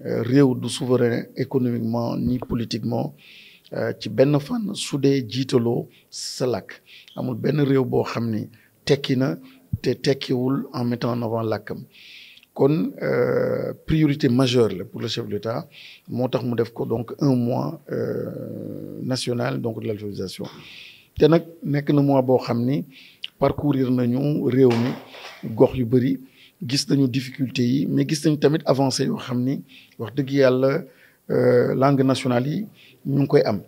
réew du souverain économiquement ni politiquement euh, ci ben fan su dee jiitaloo amul ben réew bo xamni tekki na te tekkiwul en mettant en avant lakam kon euh, priorité majeure pour le chef de l'État motax mu def ko donc un mois euh, national donc de l'alphabétisation té nak nek na mois bo xamni parcourir nañu réew mi gox yu bëri gis nañu difficulté yi mais gis nañu tamit avancé yoo xam ni wax dëgg yàlla euh, langue nationale yi ñu ngi koy am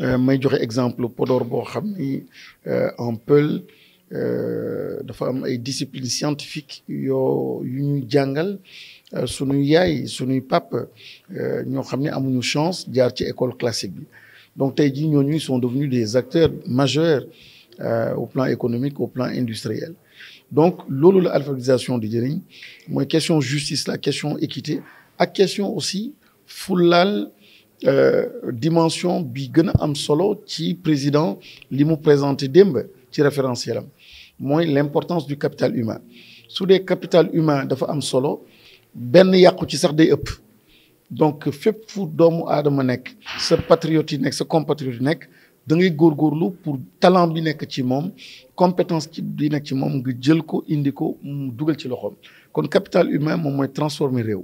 euh, may joxe exemple Podor boo xam ni euh, en Peul dafa am ay disciplines scientifiques yoo yu ñuy jàngal suñuy yaay suñuy pap ñoo xam ne amuñu chance jaar ci école classique bi donc tey jii ñooñu sont devenus des acteurs majeurs au plan économique au plan industriel donc loolu la alphabétisation de jëriñ La question justice la question équité la question aussi la euh, dimension bi am solo qui président limo mu dembe qui ci référentiel Moi l'importance du capital humain Sous le capital humain dafa am solo ben yàqu ci sax day donc fait pour doomu aadama nek, sa ce yi ce da ngay góorgóorlu pour talent bi nek ci mom compétence ci bi nek ci mom nga jël ko indi ko mu dugal ci loxom kon capital humain moom moy transformer rew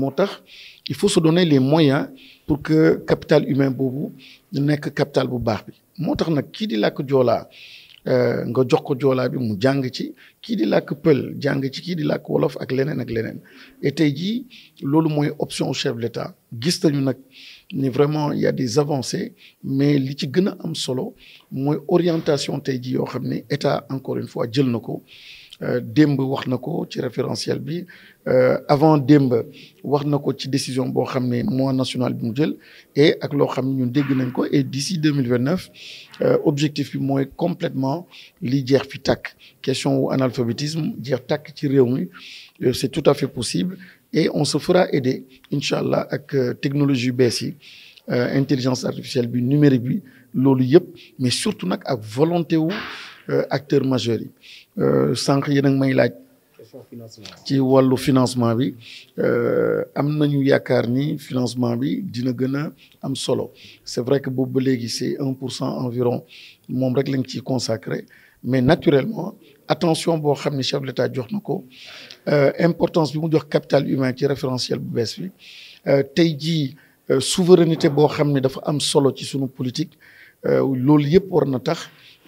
motax il faut se donner les moyens pour que capital humain bobu nek capital bu baax bi motax nak ki di lak jola euh, nga jox ko joolaa bi mu jàng ci kii di làkk pël jàng ci kii di làkk wolof ak leneen ak leneen et tey jii loolu mooy option chef de l'État gis nañu nag ni vraiment il y a des avancées mais li ci gën a am solo mooy orientation tey jii yoo xam ne état encore une fois jël na ko euh, Demb wax na ko ci référentiel bi euh, avant Demb wax na ko décision bo xamné ne mois national bi et ak lo xam ñun dégg nañ ko et d'ici 2029, l'objectif est objectif complètement li jeex fi question ou analphabétisme jeex tak ci réew mi euh, c'est tout à fait possible et on se fera aider inshallah avec ak technologie BSI, l'intelligence intelligence artificielle bi numérique bi loolu mais surtout nak ak volonté wu euh, acteurs majeurs Euh, sànq yi nag may laaj ci wàllu financement bi Euh, nañu yaakaar ni financement bi dina gën am solo c'est vrai que boobu c'est un environ Mon rek lañ consacré mais naturellement attention boo xam chef de l'État jox euh, importance du mu jox capital humain ci référentiel bu bees euh, euh, souveraineté boo xam ne dafa am solo ci sunu politique tax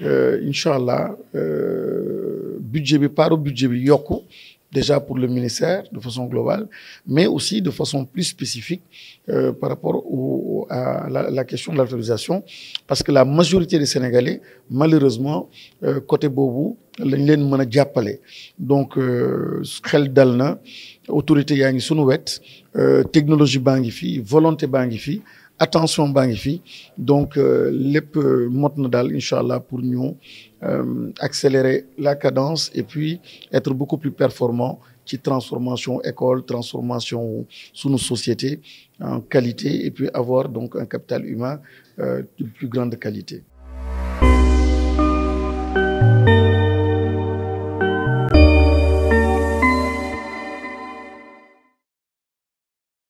euh, inshallah euh, budget bi budget bi déjà pour le ministère de façon globale, mais aussi de façon plus spécifique euh, par rapport au, à la, question de l'autorisation, parce que la majorité des Sénégalais, malheureusement, euh, côté Bobo, lañ leen mën a donc euh, xel dal na autorité yaa ngi sunu wet euh, technologie baa fi volonté baa fi attention baa fi donc euh, lépp mot na daal incha pour ñu accélérer la cadence et puis être beaucoup plus performant ci transformation école transformation sunu société en qualité et puis avoir donc un capital humain de plus grande qualité